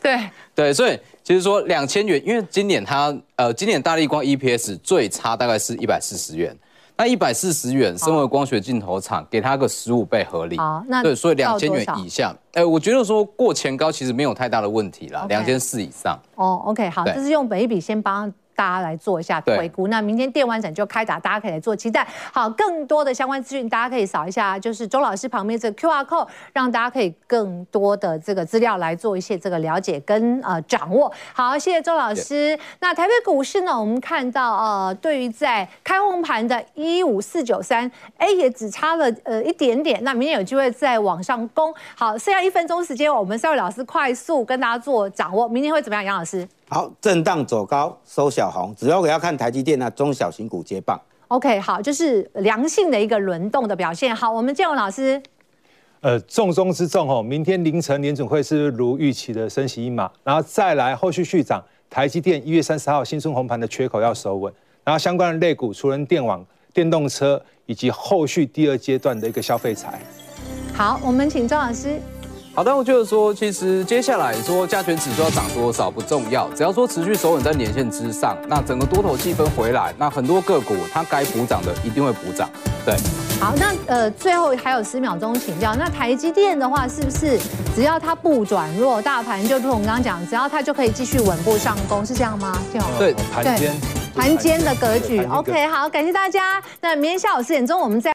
對。 [laughs] 對，所以其實說兩千元，因為今年它，呃，今年大力光 EPS 最差大概是一百四十元，那一百四十元，身為光學鏡頭廠，給它個十五倍合理。對，所以兩千元以下，欸，我覺得說過前高其實沒有太大的問題啦。兩千四以上。哦、
oh，OK，好，這是用 baby 先幫。大家來做一下回顧，對那明天電玩展就開打，大家可以來做期待。好，更多的相關資訊，大家可以掃一下，就是周老師旁邊這個 QR code，讓大家可以更多的這個資料來做一些這個了解跟呃掌握。好，謝謝周老師。Yeah. 那台北股市呢，我們看到呃，對於在開紅盤的一五四九三誒也只差了呃一點點，那明天有機會再往上攻。好，剩下一分鐘時間，我們三位老師快速跟大家做掌握，明天會怎麼樣？楊老師。
好，震盪走高收小紅，主要我要看台
積電、啊、中小型股接棒。
OK，好，就是良性的一個輪動的表現。好，我們建宏老師，
呃，重中之重哦，明天凌晨聯準會是如預期的升息一碼，然後再來後續續漲。台積電一月三十號新春紅盤的缺口要收穩，然後相關的類股，除了電網、電動車以及後續第二階段的一個消費財。
好，我們請鐘老師。
好的，我就是說，其實接下來
說加權指數要漲多少不重要，只要說持續守穩在年線之上，那整個多頭氣氛回來，那很多個股它該補漲的一定會補漲。對，
好，那呃最後還有十秒鐘，請教，那台積電的話，是不是只要它不轉弱，大盤就如同我們剛剛講，只要它就可以繼續穩步上攻，是這樣嗎？這樣嗎？對，盤間盤間的格局。OK，好，感謝大家。那明天下午四點鐘，我們再。